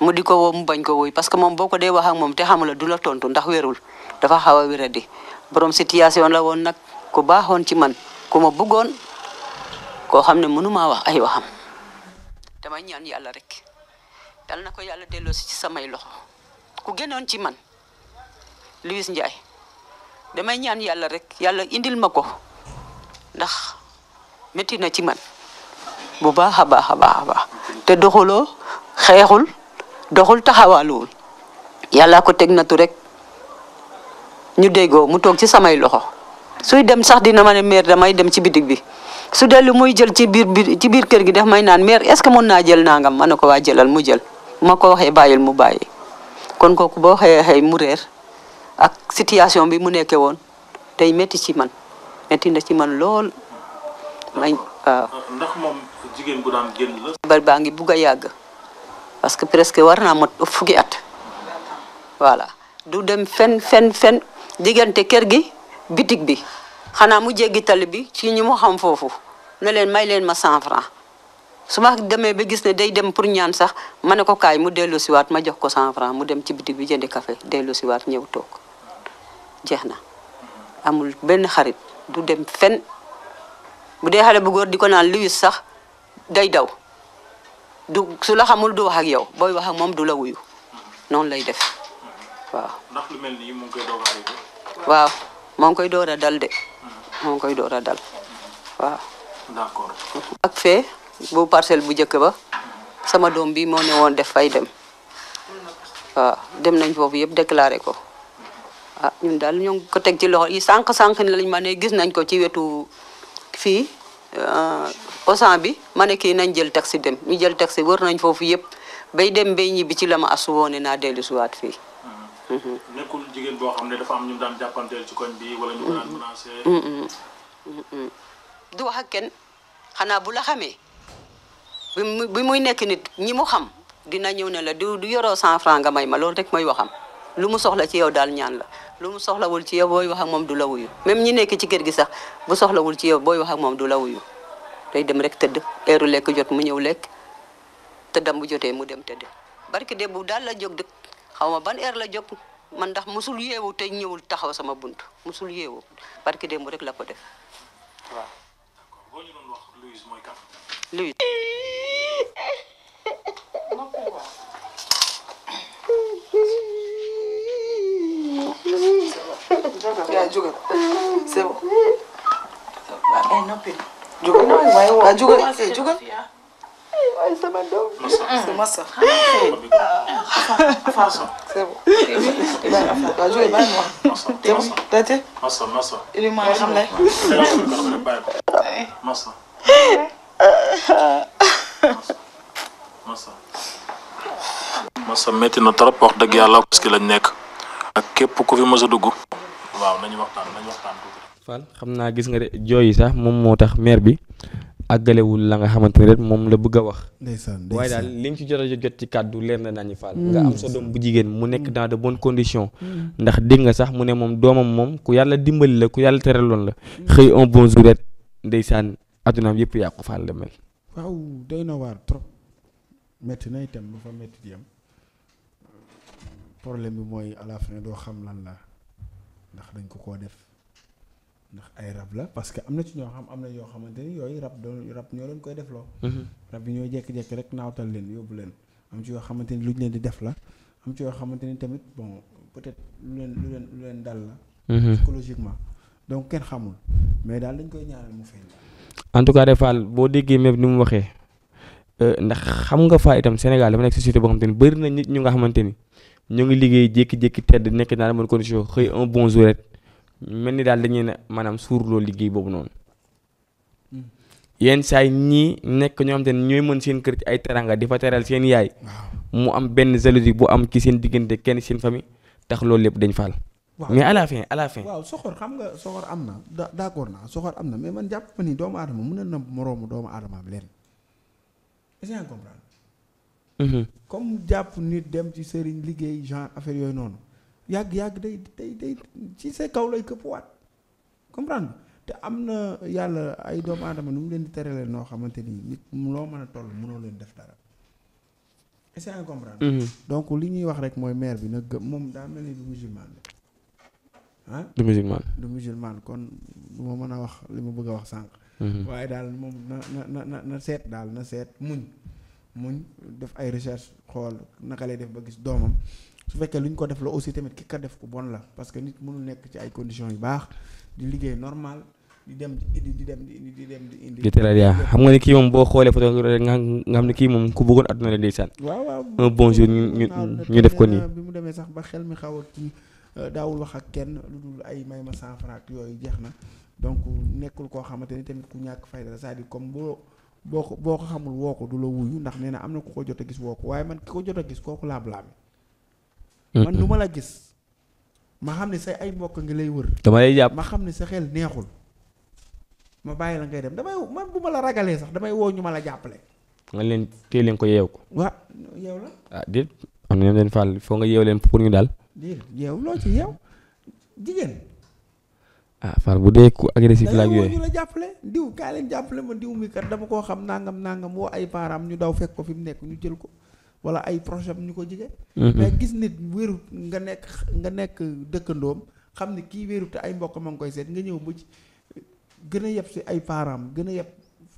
mu di ko bañ ko wooy parce que moom boo ko dee wax ak moom te xamula du la tontu ndax wérul dafa xaw a wéradi borom situation woon nag ku baaxoon ci man ku ma bëggoon koo xam ne mënumaa wax ay waxam damay ñaan yàlla rek dal na ko yàlla delloo si ci samay loxo ku génnoon ci man Louis Ndiaye damay ñaan yàlla rek yàlla indil ma ko ndax métti na ci man bu baax a baax a baax a baax te doxuloo xeexul doxul taxawaaluwul yàllaa ko teg natu rek ñu déggoo mu toog ci samay loxo suy dem sax dina ma ne mère damay dem ci bitig bi su dellu muy jël ci biir ci biir kër gi daf may naan mair est-ce que mën na jël nangam ma ne ko waa jëlal mu jël ma ko waxee bàyyil mu bàyyi kon kooku boo xëyee xëy mu réer ak situation bi mu nekkee woon tey métti ci man métti na ci man lool may moom baa ngi bugg a yàgg parce que presque war naa mot fukki at voilà du dem fen fen fen diggante kër gi bitig bi. xanaa mu jéggi tali bi ci ñi mu xam foofu ne leen may leen ma cent franc su ma demee ba gis ne day dem pour ñaan sax ma ne ko kaay mu dellu siwaat ma jox ko cent franc mu dem ci bitig bi jëndi café dellu siwaat ñëw toog jeex na amul benn xarit du dem fen bu dee bu góor di ko naan Louis sax day daw du su la xamul du wax ak yow booy wax moom du la wuyu noonu lay def waaw. ndax koy door moo ngi koy door a dal de. moo koy door a dal waaw. d'accord. fee bu parcelle bu njëkk ba sama doom bi moo ne woon def fay dem waaw dem nañ foofu yëpp déclaré ko ah ñun daal ñoo ko teg ci loxo yi sànq-sànq ne lañ ma ne gis nañ ko ci wetu fii osan euh, bi ma ne nañ jël taxi dem ñu jël taxi wër nañ foofu yëpp bay dem bay ñibbi ci la ma asu woone naa dellusiwaat fii Mm-hmm. nekkul jigéen boo xam ne dafa am ñu daan jàppanteel ci ko daan mm-hmm. Mm-hmm. du wax ak kenn xanaa bu la xamee bi muy nekk nit ñi mu xam dina ñëw ne la du du yoroo cent franc nga may ma loolu rek mooy waxam lu mu soxla ci yow daal ñaan la lu mu soxlawul ci yow booy wax ak moom du la wuyu même ñi nekk ci kër gi sax bu soxlawul ci yow booy wax ak moom du la wuyu day dem rek tëdd heure lekk jot mu ñëw lekk tëddam bu jotee mu dem tëdd barke de bu daal la jóg dëkk xaw ma ban heure la jóg mandax ndax musul yeewu te ñëwul taxaw sama bunt musul yeewu parce que démb rek la ko def waaw. waaye mm. ah, sama na trop wax dëgg yàlla parce lañ nekk. ak képp ku fi mës dugg. waaw xam naa gis nga de jooy sax moom moo tax mère bi. àggalewul la nga xamante ne rek moom la bëgg wax. ndeysaan waaye daal li ci jot a jot ci kàddu leer na nañu faal. nga am sa mm. doom bu jigéen mu nekk mm. dans de bonnes conditions. Mm. ndax dégg nga sax mu ne moom doomam moom ku yàlla dimbali la ku yàlla teraloon la. xëy un bon jour rek ndeysaan addunaam yëpp yàqu faal la mel. waaw doy na waar trop métti na itam lu fa métti di am problème bi mooy à la fin doo xam lan ndax dañ ko koo def. ndax ay rab la parce que am na ci ñoo xam am na yoo xamante ni yooyu rab doon rab ñoo leen koy def loo mhm. rab yi ñoo jékki-jékki rek naawtal leen yóbbu leen am ci yoo xamante ni lu ñu leen di def la am ci yoo xamante ni tamit bon peut-être lu leen leen dal la mhm. psychologiquement donc kenn xamul mais daal dañ koy ñaanal en tout cas de Fall boo déggee même ni mu waxee euh, ndax xam nga faa itam Sénégal dafa nekk société boo xamante ni bëri na nit ñu nga xamante ni ñoo ngi liggéey jékki-jékki tedd nekk naa la mën condition xëy un bon jour mel ni daal dañuy ne maanaam suurloo liggéey boobu noonu hmm. yenn saa ñii nekk ñoo xam ne ñooy mën seen kër ci ay teranga di fa teral seen yaay mu am benn jalousie bu am ci seen diggante kenn seen famille tax loolu lépp dañ faal. mais à la fin waaw soxor xam nga soxor am na da d'accord naa soxor am na mais man jàpp ma ni doomu aadama mun na na moroomu doomu aadama am leen est-ce mhm. comme jàpp nit dem ci sëriñ liggéey genre affaire yooyu noonu. yàgg yàgg day tey day ci sa kaw lay këppwaat comprendre te am na yàlla ay doomu aadama nu mu leen di teralee noo xamante ni nit loo mën a toll mënoo leen def dara est-ce que comprendre mm-hmm. donc li ñuy wax rek mooy maire bi nag gëm moom daa mel ni du musulman ah du musulman du kon du ma mën a wax li ma bëgg a wax sànq mm-hmm. waaye daal moom na na na seet daal na seet muñ muñ def ay recherche xool naka lay def ba gis doomam su fekkee lu ñu ko def la aussi tamit ki ka def ku bon la parce que nit mënul nekk ci ay conditions yu baax di liggéey normal di dem di indi di dem di indi di dem di indi. di tëral yaa xam nga ne kii moom boo xoolee photo rek nga xam ne kii moom ku bëggoon àdduna la ndeysaan. waaw waaw un bon jour ñu ñu def ko nii. bi mu demee sax ba xel mi xaw a kii euh, daawul wax ak kenn lu dul ay may ma saafara ak yooyu jeex na donc nekkul koo xamante ni tamit ku ñàkk fayda la c'est-à-dire comme boo. boo ko boo ko xamul woo ko du la wuyu ndax nee na am na ku ko jot a gis woo ko waaye man ki ko jot a gis kooku laab laabe man du ma la gis ma xam ne say ay mbokk ngi lay wër. dama lay jàpp ma xam ne sa xel neexul ma bàyyi la ngay dem damay man bu ma la ragalee sax damay woo ñu ma la jàppale. nga leen téye leen ko yeew ko. waaw yeew la. ah déet am na leen fàll foo nga yeew leen pour ñu daal. déet yeew loo ci yeew jigéen. ah Fall bu dee ku agressif la yooyu la jàppale diw kaa leen jàppale ma diw mi kat dama koo xam nàngam nàngam woo ay param ñu daw fekk ko fi mu nekk ñu jël ko. wala ay projet ñu ko jege. Mhm. mais gis nit wérut nga nekk nga nekk dëkkandoom xam ne kii weeru te ay mbokk ma ngi koy seet nga ñëw ba ci gën a yeb si ay parents gën a yeb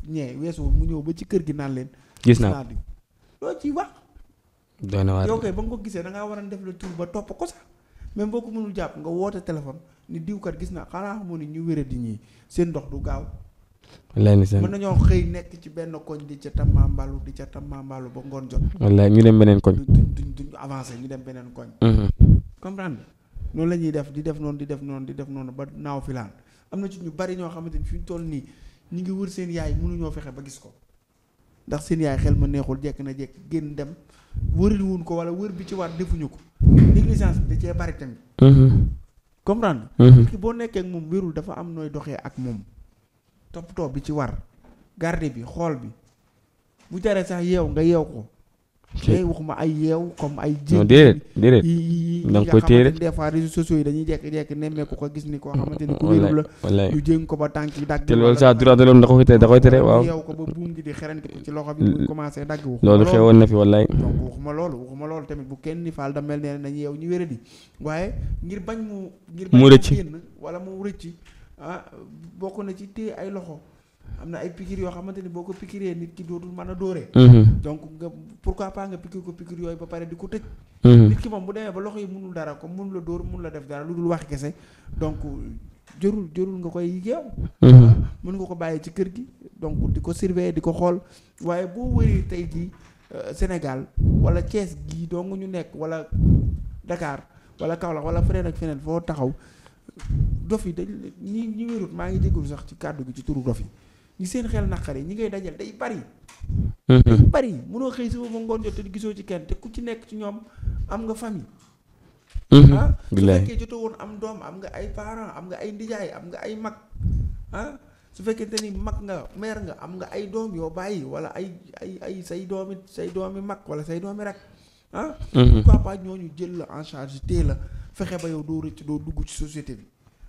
ñee weesu mu ñëw ba ci kër gi naan leen. gis naa di loo ciy wax. doy na waar ba nga ko gisee da ngaa war a def le tour ba topp ko sax même boo ko mënul jàpp nga woote téléphone ni diwkat gis naa xanaa xamoon ni ñu wéradi ñii seen ndox du gaaw. wallaay ndeysaan mën nañoo xëy nekk ci benn koñ di ca tambaambalu di ca tambaambalu ba ngoon jot. wallaay ñu dem beneen koñ. duñ du duñ avancé ñu dem beneen koñ. Mm-hmm. comprendre noonu la ñuy def di def noonu di def noonu di def noonu ba naaw filaan am na ci ñu bari ñoo xamante ni fi ñu toll nii ñu ngi wër seen yaay mënuñoo fexe ba gis ko ndax seen yaay xel ma neexul jekk na jekk génn dem wëril wuñ ko wala wër bi ci war defuñu ko négligence bi da cee bari tamit. Mm-hmm. comprendre. Mm-hmm. boo nekkee ak moom dafa am nooy doxee ak moom. toppatoo bi ci war garde bi xool bi mu jaree sax yeew nga yeew ko tey waxuma ay yeew comme ay jéem déedéet déedéet yi da nga koy téere des dañuy jekk-jekk nemmeeku ko gis ni koo xamante ni ku wéeru la ñu jéng ko ba tànk yi dagg te loolu da ko fi tere da koy tere waaw yeew ko ba buum gi di xeranti ko ci loxo bi bu commencé dagg waxuma loolu xewoon na fi wallaay donc ma loolu loolu tamit bu kenn ni faal da mel nee nañu yeew ñu wéradi waaye ngir bañ mu ngir bañ mu génn wala mu rëcc ah bokk na ci téye ay loxo am na ay piqûre yoo xamante ni boo ko piqûree nit ki dootul mën a dóoree mhm. donc nga pourquoi pas nga piqûre ko piqûre yooyu ba pare di ko tëj mhm. nit ki moom bu demee ba loxo yi munul dara comme mënul la dóor mënul la def dara lu dul wax kese donc jërul jërul nga koy yeew mën mhm. nga ko bàyyi ci kër gi donc di ko surveiller di ko xool waaye boo wëri tey jii euh, Sénégal wala Thiès gii dong ñu nekk wala Dakar wala Kaolack wala feneen ak feneen foo taxaw dof yi dañ ñi ñu wérut maa ngi jégalu sax ci kàddu gi ci turu dof yi ñi seen xel naqar yi ñi ngay dajal day bari mhm. day bari mënoo xëy suba ba ngoon jot gisoo ci kenn te ku ci nekk ci ñoom am nga famille mhm. ah, su fekkee jotoo woon am doom am nga ay parents am nga ay ndijaay am nga ay mag ah su fekkente ni mag nga meer nga am nga ay doom yoo bàyyi wala ay ay ay say doomi say doomi mag wala say doomi rek ah mhm. pourquoi pas jël la en charge tée la fexe ba yow doo rëcc doo dugg ci société bi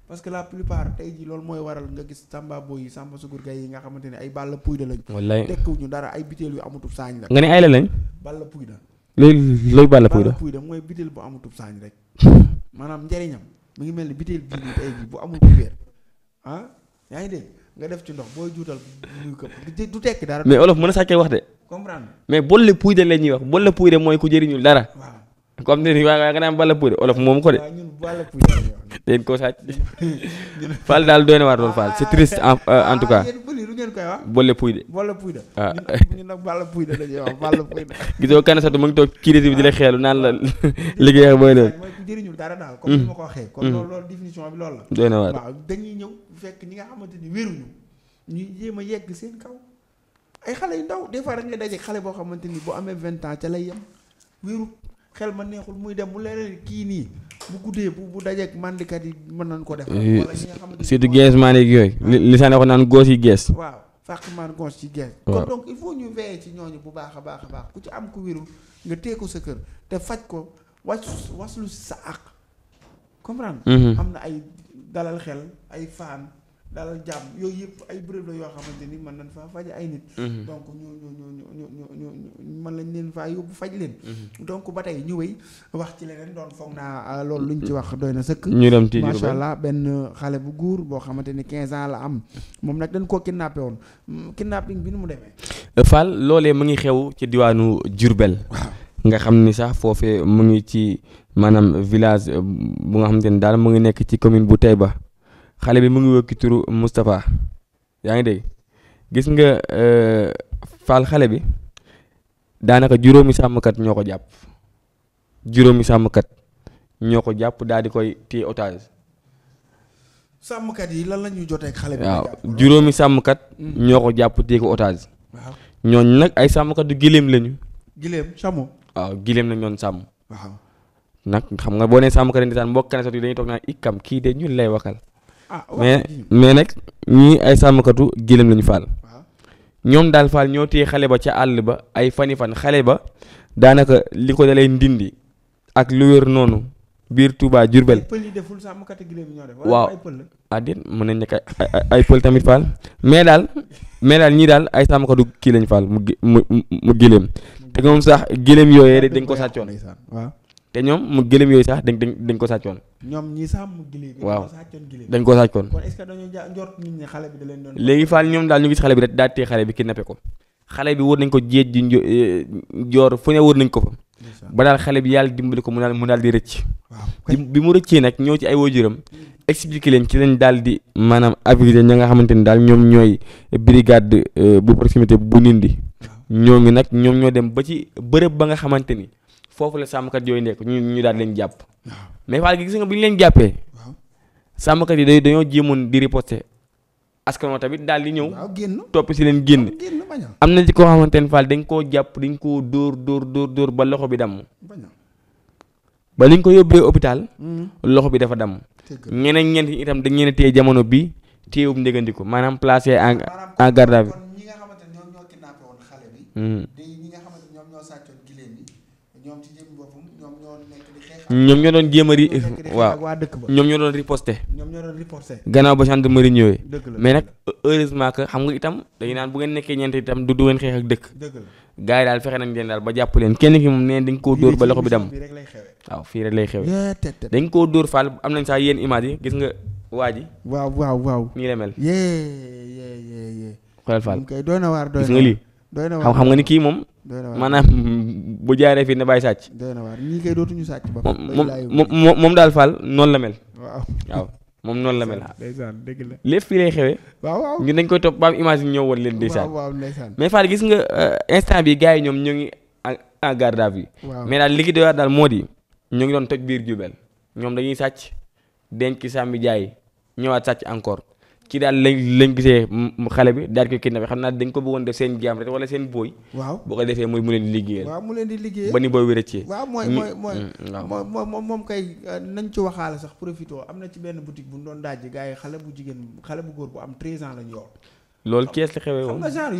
parce que la plupart tey jii loolu mooy waral nga gis samba boy yi samba sugur gay yi nga xamante ne ay balla puy da lañ wallaay tekkuñu dara ay biteel yu amutub saañ la nga ne ay la lañ balla puy da léegi looy balla puy da mooy biteel bu amutub saañ rek maanaam njëriñam ngi mel ni biteel bu amul kubéer ah, yaa ngi dégg nga def ci ndox booy juutal muy këpp du tekki dara mais olof mën a sàccee wax de comprendre mais bolle puy da la ñuy wax bolle puy mooy ku jëriñul dara comme ni waaye waaye nga naan balla puudar olof moom ko de. den ko sàcc Fall daal doy na waar loolu Fall c'est triste en euh, tout cas. boole puudar boole gisoo kan mu ngi toog ci réseau di la xeelu naan la liggéey booy leen. daal hmm. ma ko waxee. kon hmm. loolu loolu définition bi loolu la. doy na dañuy ñëw fekk ñi nga xamante ni wéruñu ñu jéem a yegg seen kaw. ay xale yu ndaw des fois da ngay xale boo xamante ni bu amee vingt ans ca lay yem wéru xel ma neexul muy dem mu leneen kii nii bu guddee bu bu dajeeg mandikat yi mën nañ ko def. Eh, wala ñi nga xamante surtout yooyu. li saa ne naan góos yi gees. waaw fàq maan góos si gees. kon donc il faut ñu veiller ci ñooñu bu baax a baax a baax ku ci am ku wérul nga tee ko sa kër te faj ko wàcc si sa àq comprendre. Mm-hmm. am na ay dalal xel ay faan. dalal jàmm yooyu yëpp ay béréb la yoo xamante ni man nañ fa faj ay nit. Mm-hmm. donc ñu ñu ñu ñu ñu ñu mën lañ leen faa yóbbu faj leen. Mm-hmm. donc ba tey ñu wéy wax ci leneen doon foog ah, loolu luñ wax doy na sëkk. ñu dem ci macha allah benn xale bu góor boo xamante ni quinze ans la am moom nag dañ koo kidnappé woon kidnapping bi nu mu demee. Fall loolee mu ngi xew ci diwaanu Diourbel. nga xam ni sax foofee mu ngi ci maanaam village bu nga xamante ni daal mu ngi nekk ci commune bu tey ba xale bi mu ngi wëkk ci yaa ngi de gis nga euh, faal xale bi daanaka juróomi sàmmkat ñoo ko jàpp juróomi sàmmkat ñoo ko jàpp daal di koy téye otage. sàmmkat yi lan la ñuy jotee xale bi. waaw juróomi sàmmkat. Mm-hmm. ñoo ko jàpp téye ko otage. waaw ñooñu nag ay sàmmkat du gileem lañu. gileem sàmm. waaw gileem na ñoon sàmm. waaw nag xam nga boo nee sàmmkat a ndeysaan mbokk na sax dañuy kii de ñun lay waxal. Ah, mais mais nag ñii ay sàmmkatu gëlëm lañu faal. ñoom daal faal ñoo téye xale ba ca àll ba ay fani fan xale ba daanaka li ko dalay ndindi ak lu wér noonu biir Touba Jurbel. waaw ah déet mën nañ nekk ay ay pël tamit faal mais daal mais daal ñii daal ay sàmmkatu kii lañ faal mu mu mu gëlëm te moom sax gëlëm yooyee dañ ko sàccoon. waaw te ñoom mu gëlëm yooyu sax dañ dañ dañ ko sàccoon. ñoom ñi sax mu gëlëm. waaw dañ ko sàccoon. kon est-ce que bi da leen doon. léegi Fall ñoom daal ñu gis xale bi rek daal téye xale bi kidnappé ko xale bi wër nañ ko jéej ji eh, joor fu ne wër nañ ko fa. ba daal xale bi yàlla dimbali ko mu daal mu daal di rëcc. bi mu rëccee nag ñëw ci ay waajuram. expliqué leen ci lañ daal di maanaam avisé ña nga xamante ni daal ñoom ñooy brigade eh, bu proximité bu Nindi. ñooñu nag ñoom ñoo dem ba ci bërëb ba nga xamante ni foofu la sàmmkat yooyu nekk ñu ñu daal leen jàpp mais faal gi gis nga bu ñu leen jàppee sàmmkat yi day dañoo jéemoon di riposter askan tamit daal di ñëw topp si leen génn am na ci koo xamante ne faal dañ koo jàpp dañ koo dóor dóor dóor dóor ba loxo bi damm ba liñ ko yóbbee hôpital mm. loxo bi dafa damm ñeneen ñeent itam dañ ñeene téye jamono bi téyewub ndégandiku maanaam placé en en garde à ñoom ñoo doon jéem a ri waaw ñoom ñoo doon riposté gannaaw ba gendarmerie ñëwee mais nag heureusement que xam nga itam dañu naan bu ngeen nekkee ñeent itam du du ngeen xeex ak dëkk gars yi daal fexe nañ leen daal ba jàpp leen kenn ki moom nee dañ koo dóor ba loxo bi dem waaw fii rek lay xewe dañ koo dóor faal am nañ saa yéen image gis nga waa waaw waaw waaw nii la mel xoolal faal gis nga lii xam xam nga ni kii moom maanaam bu jaaree fii ne baay sàcc. ñii kay dootuñu sàcc ba. moom moom daal Fall noonu la mel. waaw waaw moom noonu la mel. ndeysaan dëgg la lépp fii xewee. waaw waaw ñu dañ koy topp ba am image ñëw woon leen. ndeysaan mais Fall gis nga euh, instant bi gars yi ñoom ñoo ngi en garde à vue. mais daal li ki daal moo di ñu ngi doon toj biir jubel ñoom dañuy sàcc denc sàmmi jaay ñëwaat sàcc encore. ci daal lañ lañ gisee xale bi daal ko kidnappé xam naa dañ ko bëggoon def seen jaam rek wala seen booy. waaw boo ko defee muy mu leen di liggéeyal. waaw mu leen di liggéeyal ba ni booy wéracee. waaw mooy mooy mm, mooy mm, moom moom kay euh, nañ ci waxaale sax profité am na ci benn boutique bu ñu doon daaj gars yi xale bu jigéen xale bu góor bu am 13 ans lañ yor. loolu kees la xewee woon mm-hmm. xam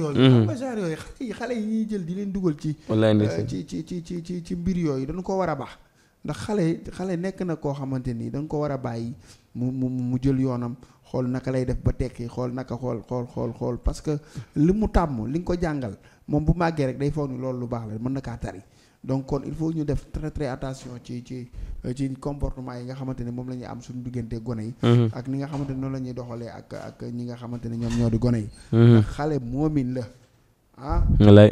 nga genre yooyu. xale yi ñuy jël di leen dugal ci. wallaahi euh, ndeysaan ci ci ci ci ci mbir yooyu dañ ko war a baax ndax xale xale nekk na koo xamante ni dañ ko war a bàyyi mu mu mu jël yoonam xool naka lay def ba tekki xool naka xool xool xool xool parce que li mu tàmm li nga ko jàngal moom bu màggee rek day foog ni loolu lu baax la mën na kaa tari donc kon il faut ñu def très très attention ci ci ci comportement yi nga xamante ne moom la ñuy am suñu diggante gone yi. Mhm. ak ni nga xamante ne noonu la ñuy doxalee ak ak ñi nga xamante ne ñoom ñoo di gone yi. Mhm. ndax xale moomin la. ah.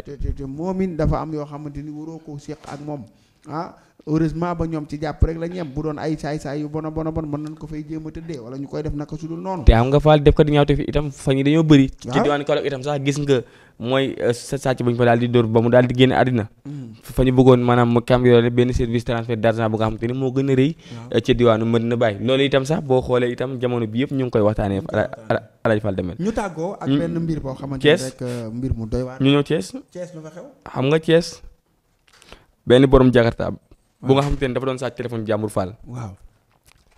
te te moomin dafa am yoo xamante ni waroo ko séq ak moom. ah heureusement ba ñoom ci jàpp rek la ñem bu doon ay saay-saay yu bona bona bon mën nañ ko fay jéem a tëddee wala ñu koy def naka su dul noonu te am nga faal def ko di ñaawte fi itam fa ñi nga mooy euh, sàcc bu daal di dóor ba mu daal di génn àddina mm-hmm. fa ñu bëggoon maanaam mu cambriolé benn service transfert d'argent bu xam moo gën a rëy euh, ci diwaanu Medina Baye itam sax boo xoolee itam jamono bi yëpp ñu ngi koy waxtaanee alaaj Fall Demel ñu tàggoo ak mm. benn boo xamante ne euh, mbir mu doy waar ñu ñëw Thiès nga cees benn borom jakarta bu nga xamante ne dafa doon sàcc téléphone jàmbur Fall. waaw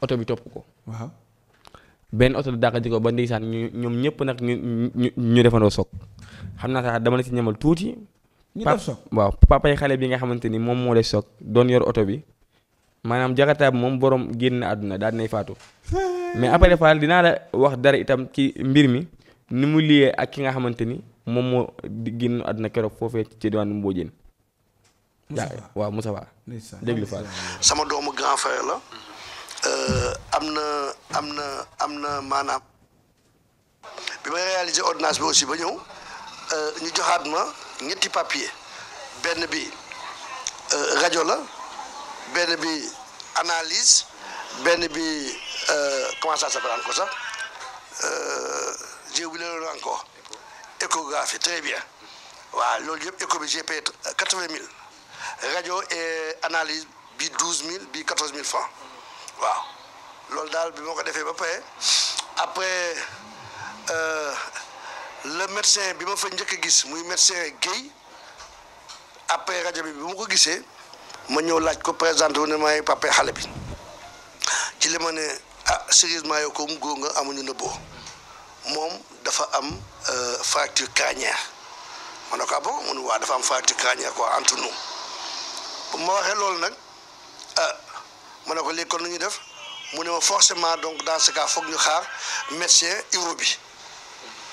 oto bi topp ko. waaw benn oto dàqati ko ba ndeysaan ñu ñoom ñëpp nag ñu ñu ñu defandoo soog xam naa sax dama la si ñamal tuuti. ñu waaw papay xale bi nga xamante ni moom moo lay soog doon yor oto bi maanaam jakarta bi moom borom génn àdduna daal dinay faatu. mais après Fall dinaa la wax dara itam ci mbir mi ni mu liyee ak ki nga xamante ni moom moo génn àdduna keroog foofee ci diwaanu Mbodiène Moustapha waaw Moustapha. déglu Fall sama doomu grand frère la. Euh, am na am na am na maanaam. bi may réaliser ordonnance bi aussi ba ñëw euh, ñu joxaat ma ñetti papier benn bi euh, rajo la benn bi analyse benn bi comment ça s'appelle encore sax j'ai oublié loolu très bien waaw loolu yëpp écho bi j'ai rajo et analyse bi douze mille bi quatorze mille francs waaw loolu daal bi ma ko defee ba pare après euh, le médecin bi ma fa njëkk a gis muy médecin Guèye après rajo bi bi ma ko gisee ma ñëw laaj ko présenté wu ne may papa xale bi ci li ma ne ah sérieusement yow ko góor nga amuñu nëbboo moom dafa am euh, fracture crânienne ma ne ko ah bon mu ne waa dafa am fracture crânienne quoi entre nous. bu ma loolu nag ah ma ne ko léegi kon nu ñuy def mu ne ma forcément donc dans ce cas foog ñu xaar médecin uro bi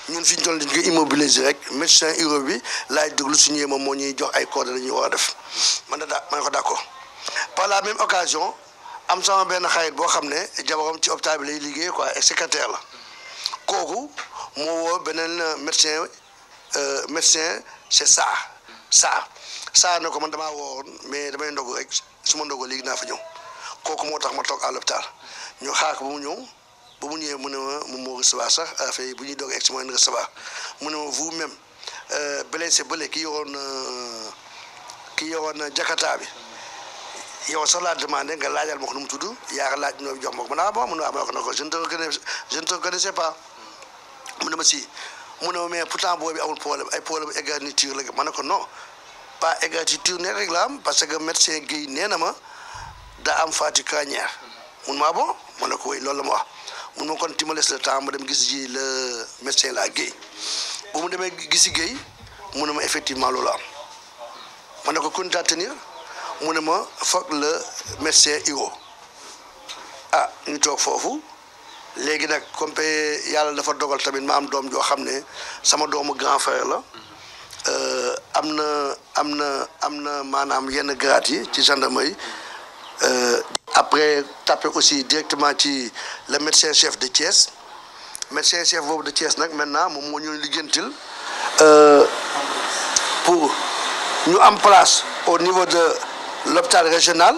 ñun fi ñu toll dañ koy immobiliser rek médecin uro bi laay déglu suñu yéema moo ñuy jox ay coordonnées ñu ñuy a def man da daa ma ne ko d'accord par la même occasion am sama benn xarit boo xam ne jabaram ci hôpital bi liggéey ko et secrétaire la kooku moo woo beneen euh, médecin euh, médecin c'est ça ça saa ne ko man damaa woowoon mais damay ndogu rek su ma ndogoo léegi naa fa ñëw kooku moo tax ma toog à l'hôpital ñu xaar ba mu ñëw ba mu ñëwee mu ne ma moom moo sax affaire bu ñuy doog egg si mooy recevoir mu ne ma vous même euh, blessé bële ki yoroon euh, ki yoroon jakarta bi yow sax laa demandé nga laajal ma ko mu tudd yaa laaj noo jox ma ko man ah bon man ah, waaw ma ko je ma si mu ne ma mais pourtant amul problème ay problème égratignure la ma ne ko non. pas égratiture ne am parce que médecin Guèye nee na ma daa am Fatou Kañar mun maa bon ma ne ko woy loolu la ma wax mun ma kon timales le temps ma dem gis ji le médecin la Guèye bu mu demee gisi Guèye mu ne ma effectivement loolu am ma ne ko kon daa tenir mu ne ma foog le médecin Iwo ah ñu toog foofu léegi nag comme yàlla dafa dogal tamit ma am doom joo xam ne sama doomu grand frère la euh, am na am na am na maanaam yenn grade yi ci gendarmerie euh, après tapé aussi directement ci le médecin chef de Thiès médecin chef boobu de Thiès nag maintenant moom moo ñu liggéentil euh, pour ñu am place au niveau de l'hôpital régional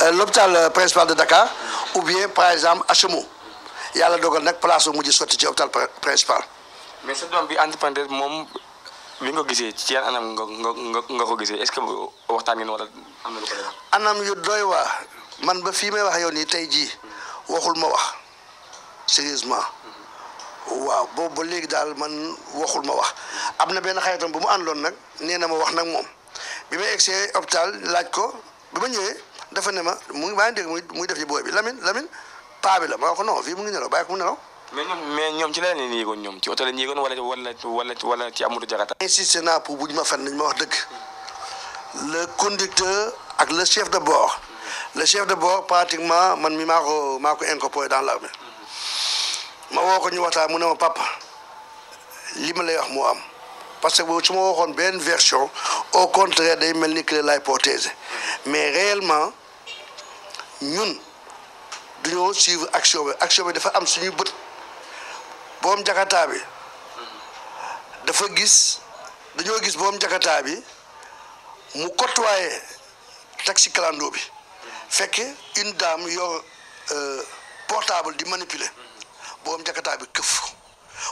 euh, l'hôpital principal de Dakar ou bien par exemple HMO yàlla dogal nag place bu mujj sotti ci hôpital principal. mais sa doom bi entrepreneur moom. bi nga gisee ci yan anam nga nga nga ko gisee est ce que waxtaan ngeen wala am na lu ko anam yu doy waa man ba fii may wax yow nii tey jii waxul ma wax sérieusement waaw boobu ba léegi daal man waxul ma wax am na benn xaritam bu mu àndoon nag nee na ma wax nag moom bi may egsee hôpital laaj ko bi ma ñëwee dafa ne ma mu ngi maa ngi muy def ci booy bi Lamine Lamine paa bi la ma wax ko non fii mu ngi nelaw bàyyi ko mu nelaw mais ñoom mais ñoom ci la leen yéegoon ñoom ci oto la yéegoon wala wala wala ci amutu jakarta insisté naa pour bu ñu ma fen nañ ma wax dëgg le conducteur ak le chef de bord le chef de bord pratiquement man mi maa ko maa ko incorporé dans ma woo ñu waxtaan mu ne ma papa li ma lay wax moo am parce que boobu su ma waxoon benn version au contraire day mel ni que laay protéger mais réellement ñun duñoo suivre action bi action bi dafa am suñu bët boom jakataa bi dafa gis dañoo gis boom jakataa bi mu côtoyé taxi clando bi fekk une dame yor euh, portable di manipuler boom jakataa bi këf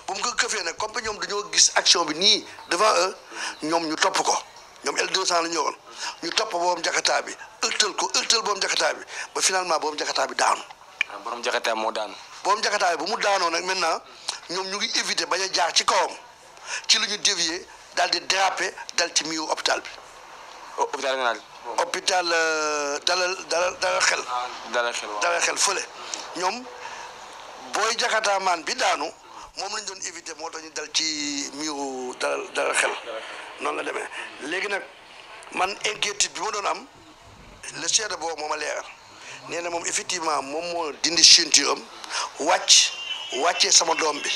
bu mu ko këfee nag comme ñoom dañoo gis action bi nii devant eux ñoom ñu topp ko ñoom L200 la ñu ñëwoon ñu topp boom jakataa bi ëttal ko ëttal boom jakataa bi ba finalement boom jakataa bi daanu. Ah, borom jakataa moo daanu. boom jakataa bi bu mu daanoo nag maintenant. ñoom ñu ngi éviter bañ a jaar ci kawam ci lu ñu dévier daal di dal ci miiwu hopital bi. hôpital nga naan. hôpital euh, dalal dalal dalal xel. Ah, dalal xel dalal ñoom booy jaxataamaan bi daanu moom lañ doon éviter moo tax dal ci miiwu dalal dalal xel. noonu la demee léegi nag man inquiétude bi ma doon am le chef de bord moo leeral nee na moom effectivement moom moo dindi ceinture am wàcc. wàccee sama doom bi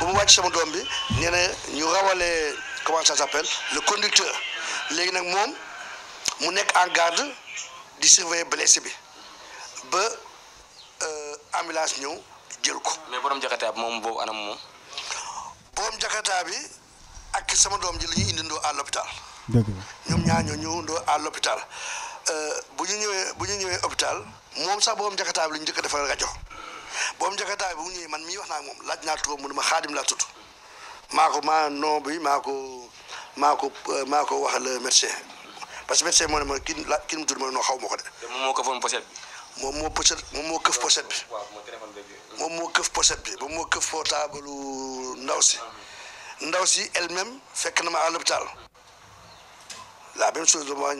bu mu wàcc sama doom bi nee ñu rawalee comment ça le conducteur léegi nag moom mu nekk en garde di surveiller blessé bi ba euh, ambulance ñëw jël ko. mais borom moom boobu anam moom. borom jakarta bi ak sama doom ji la ñuy indindoo à l'hôpital dëgg la ñoom ñaar ñoo ñëwandoo à l'hôpital euh, bu ñu ñëwee bu ñu ñëwee hôpital moom sax borom jakarta bi la ñu njëkk a defal rajo. boobu jakartaa bi mu ñëwee man mii wax naa moom laaj naa turam mu xaadim laa tudd maa ko maa nom bi maa ko maa ko euh, maa ko wax le médecin parce que médecin moo ne ma kii la kii mu tudd ma noo xaw ma ko de. moom moo këf pochette bi. moom moo këf pochette bi moom moo këf portable ndaw si. ndaw si elle fekk na ma à l'hôpital la même chose la ma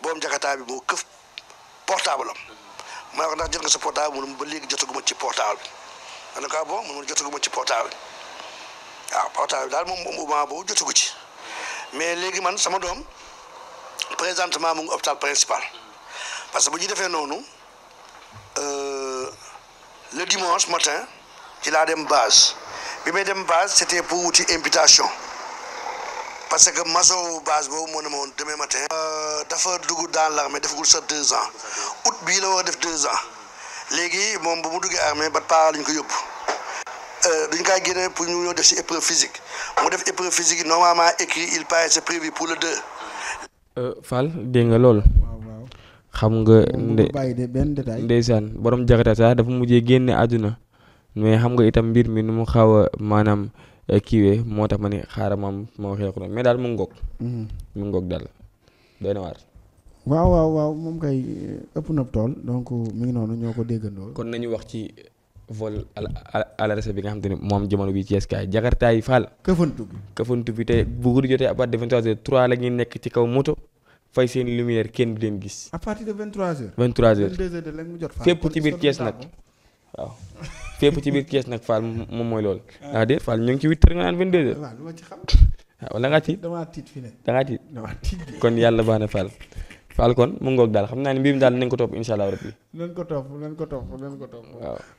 boobu jakartaa bi moo këf portable ma ne ko ndax jot nga sa portable mu ne ba léegi jotaguma ci portable bi ma ne ko ah bon mu ne ci portable bi waaw portable daal moom moom moment boobu jotagu ci mais léegi man sama doom présentement mu ngi hôpital principal parce que bu ñu defee noonu euh, le dimanche matin ci laa dem base bi mais dem base c'était pour wuti imputation. parce que maso base boobu moo ne ma woon demain matin. Euh, dafa dugg dans l'armée defagul sa deux ans août bii la war a def deux léegi moom bu mu duggee armée ba para lañ ko yóbbu euh, duñ koy génne pour ñu ñoo def si épreuve physique def épreuve physique yi normalement écrit il paraît pour le deux. Euh, Fall dégg nga lool. xam nga ndeysaan borom jakarta sax dafa mujjee génne àdduna mais xam nga itam mbir mi nu mu xaw maanaam. Euh, kiiwee moo tax ma ni xaaral ma ma waxee ko noonu mais daal mu ngoog. Mhm. mu ngoog daal doy na waar. waaw waaw waaw moom kay ëpp na tool donc mu ngi noonu ñoo ko déggandoo. kon nañu wax ci vol à la recette bi nga xam moom jamono bi ci SK jakarta yi faal. këfantu bi këfantu bi tey bu guddi jotee à partir de 23h 3 la ñuy nekk ci kaw moto. fay seen lumière kenn du leen gis. à partir de jot. fépp ci biir Thiès nag. waaw fépp ci biir kees nag Fall moom mooy lool ah. ah déet Fall ñu ngi ci huit heures nga naan vingt deux heures. waaw ah, lu ma ci xam. ah wala tiit damaa tiit fi ne. da ngaa kon yàlla baax na Fall. Fall kon mu ngoog daal xam naa ne mbir mi daal nañ ko topp incha allah rabbi nañ ko ko topp nañ ko topp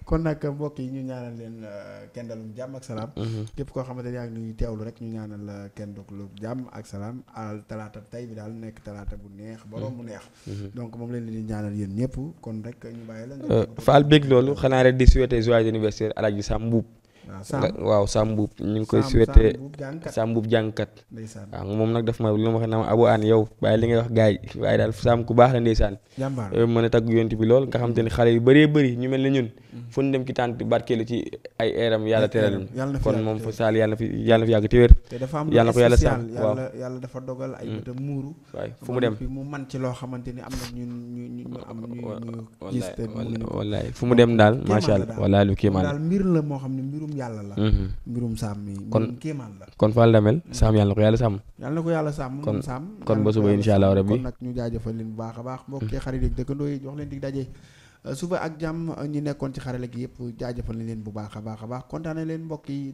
kon nag mbokk yi ñu ñaanal leen euh, kenn dalum jàmm mhm. képp koo xamante ne yaa ngi ñuy teewlu rek ñu ñaanal euh, kenn lu jàmm ak salaam talaata tey bi daal nekk talaata bu neex borom mu mhm. neex mhm. donc moom leen leen di ñaanal yéen ñëpp kon rek ñu bàyyi la euh, Fall bëgg loolu xanaa rek di souhaiter joyeux anniversaire Mbuub waaw Sam Mbuub ñu ngi koy souhaité Sam Mbuub jàngkat waaw moom nag daf ma lu ma waxee naa ma abu aan yow waaye li ngay wax gaay waaye daal Sam ku baax la ndeysaan mën a tagg yonent bi lool nga xam te ne xale yu bëree bëri ñu mel ne ñun mm-hmm. fu ñu dem ci tànt barkeelu ci ay eeram yàlla teral kon moom fa saal yàlla fi yàlla na fi yàgg te wér yàlla na ko yàlla sax waaw yàlla dafa dogal ay mm. bëtam muuru waay fu mu dem mu man ci loo xamante ni am na ñun ñu ñu am ñu gis te wallaay fu mu dem daal macha allah wallaay daal mbir yàlla la. Mhm. mbirum saam mi mbirum kéemaan la. kon fan la mel saam yàlla ko yàlla sàmm. na ko yàlla sàmm mbirum saam. kon ba suba incha allah rabbi a baax. mbokkee mhm. xarit yi dëkkandoo euh, bu a baax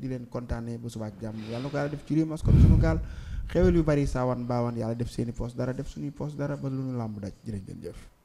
di leen kontaane ba suba ak jàmm yàlla na ko yàlla def ci réew mas comme gaal xewel yu bari saawan baawaan yàlla def seeni poos dara def suñuy poos dara ba lu ñu làmb daj jërë ngeen jëf